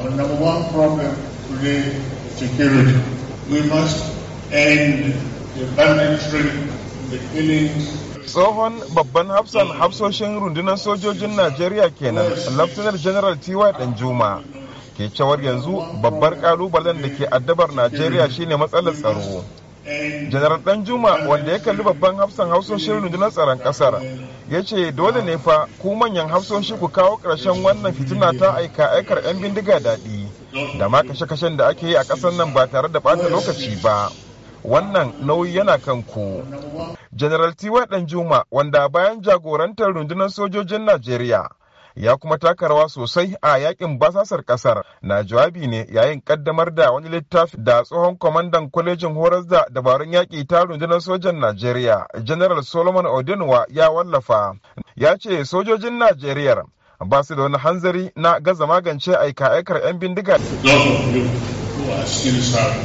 Our number one problem today is security. We must end the banditry, the killings, tsohon babban hafsan hafsoshin rundunar sojojin najeriya kenan laftanar general ty danjuma ke cewar yanzu babbar kalubalen da ke addabar najeriya shine matsalar tsaro janar danjuma wanda ya kalli babban hafsan hafsoshin rundunar tsaron kasar ya ce dole ne fa ku manyan hafsoshi ku kawo ƙarshen wannan fitina ta aika aikar 'yan bindiga daɗi da ma kashe-kashen da ake yi a ƙasar nan ba tare da ɓata lokaci ba wannan nauyi yana kan ku general tiwa danjuma wanda bayan jagorantar rundunar sojojin najeriya ya kuma taka rawa sosai a yakin basasar kasar na jawabi ne yayin kaddamar da wani littafi da tsohon kwamandan kwalejin horas da dabarun yaƙi ta rundunar sojan najeriya general solomon odinwa ya wallafa ya ce sojojin najeriya ba su da wani hanzari na gaza magance aika-aikar 'yan bindiga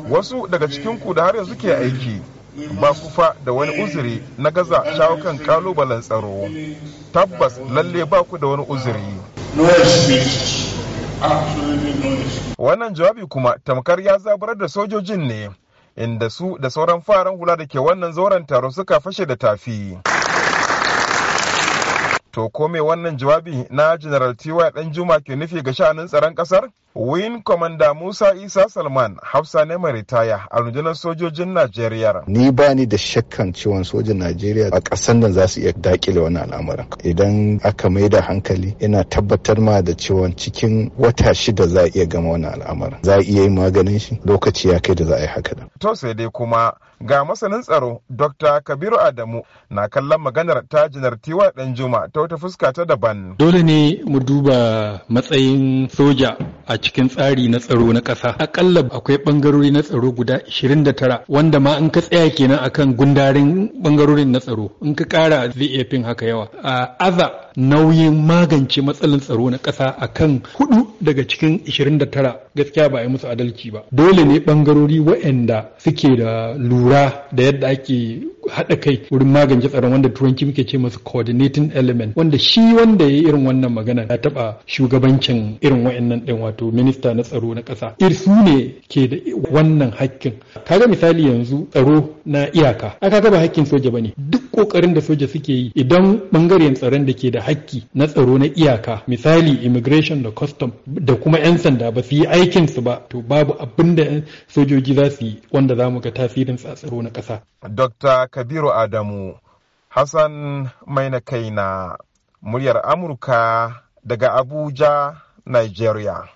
wasu daga cikinku da har yanzu ke aiki ba kufa da wani uzuri na gaza shawo kalubalen tsaro tabbas lalle ba ku da wani uzuri wannan jawabi kuma tamkar ya zaburar da sojojin ne inda su da sauran faran hula da ke wannan zauren taro suka fashe da tafi to ko wannan jawabi na general ty dan juma ke nufi ga sha'anin tsaron kasar Win Commander Musa Isa Salman Hafsa ne mai ritaya a rundunar sojojin Najeriya. Ni ba ni da shakkan ciwon sojin Najeriya a ƙasar nan za su iya dakile wani al'amura. Idan aka mai da hankali ina tabbatar ma da cewa cikin wata shida za a iya gama wani al'amura. Za a iya yi maganin shi lokaci ya kai da za a yi haka da. To sai dai kuma ga masanin tsaro Dr. Kabiru Adamu na kallon maganar ta janar Tiwa Danjuma ta wata fuska ta daban. Dole ne mu duba matsayin soja a cikin tsari na tsaro na ƙasa. Akalla akwai ɓangarori na tsaro guda 29 wanda ma in ka tsaya kenan akan gundarin bangarorin na tsaro in ka ƙara zai iya fin haka yawa. A aza nauyin magance matsalin tsaro na ƙasa akan hudu daga cikin 29 gaskiya ba a yi musu adalci ba. Dole ne ɓangarori waɗanda suke da lura da yadda ake haɗa kai wurin magance tsaron wanda turanci muke ce masa coordinating element wanda shi wanda ya yi irin wannan magana ya taɓa shugabancin irin wa'annan ɗin wato minista na tsaro na ƙasa ir su ne ke da wannan hakkin kaga misali yanzu tsaro na iyaka aka gaba hakkin soja bane duk kokarin da soja suke yi idan bangaren tsaron da ke da hakki na tsaro na iyaka misali immigration da custom da kuma 'yan sanda ba su yi aikin su ba to babu abinda da sojoji za su yi wanda za mu ga tasirin tsaro na ƙasa. Kabiru Adamu, Hassan Maina Kaina, muryar Amurka daga Abuja, Nigeria.